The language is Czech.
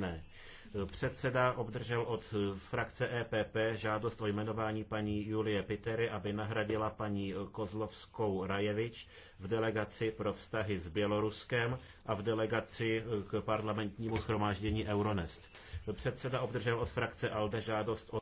Ne. Předseda obdržel od frakce EPP žádost o jmenování paní Julie Pitery, aby nahradila paní Kozlovskou Rajevič v delegaci pro vztahy s Běloruskem a v delegaci k parlamentnímu schromáždění Euronest. Předseda obdržel od frakce ALDE žádost o